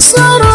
算了。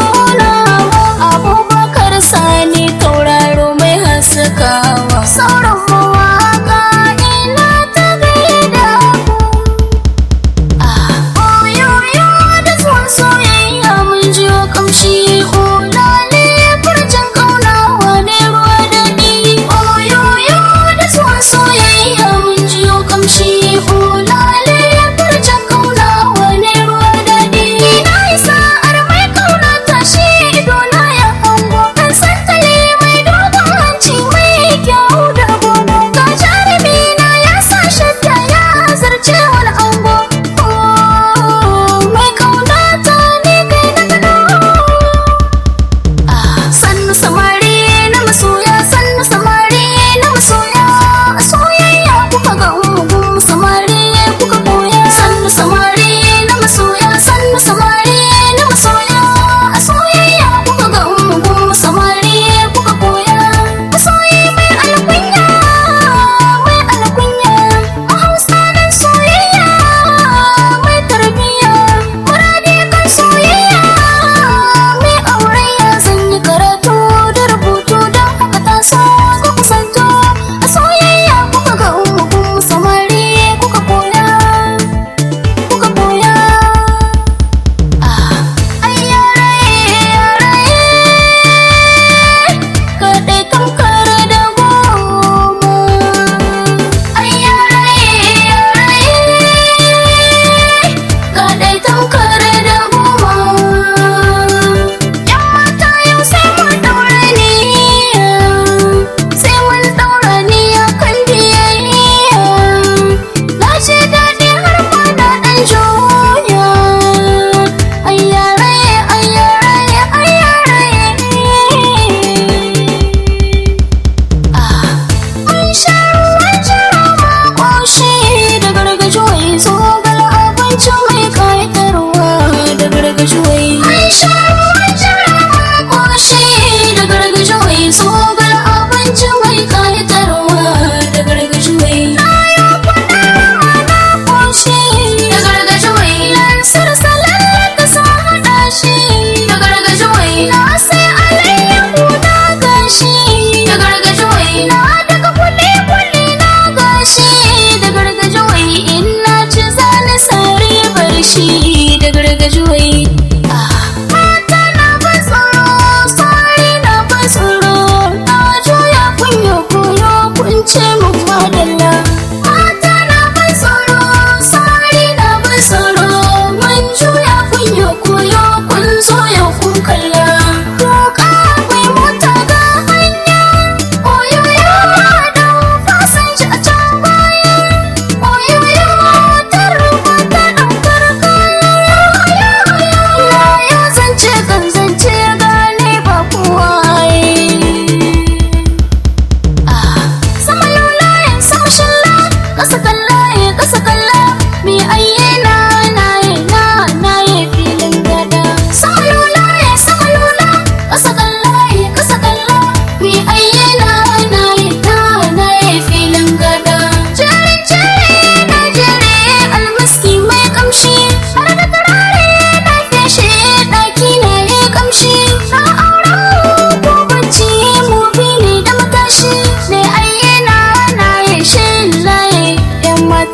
멈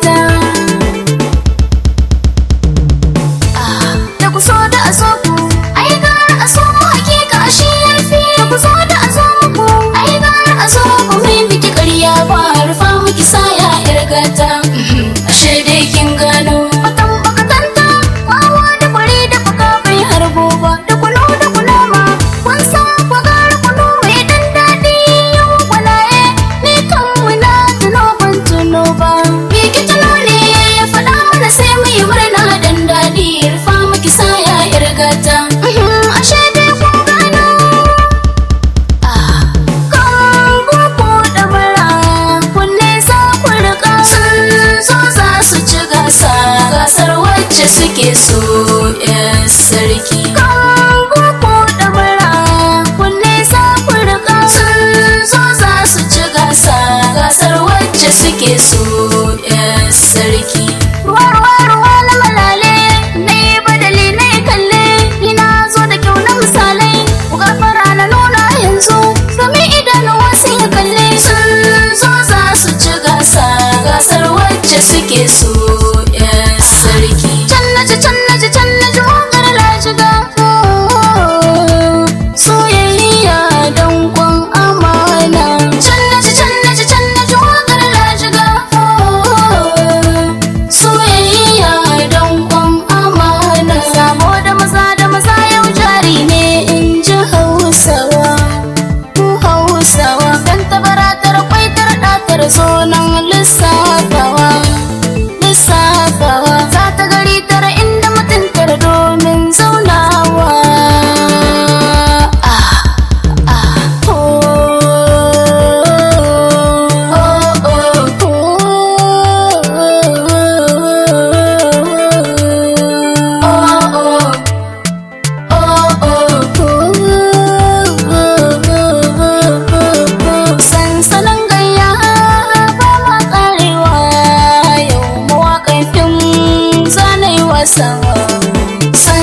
down. nake yan sarki kawo ko da mara kunne sun zo za su ci gasa gasar wacce suke so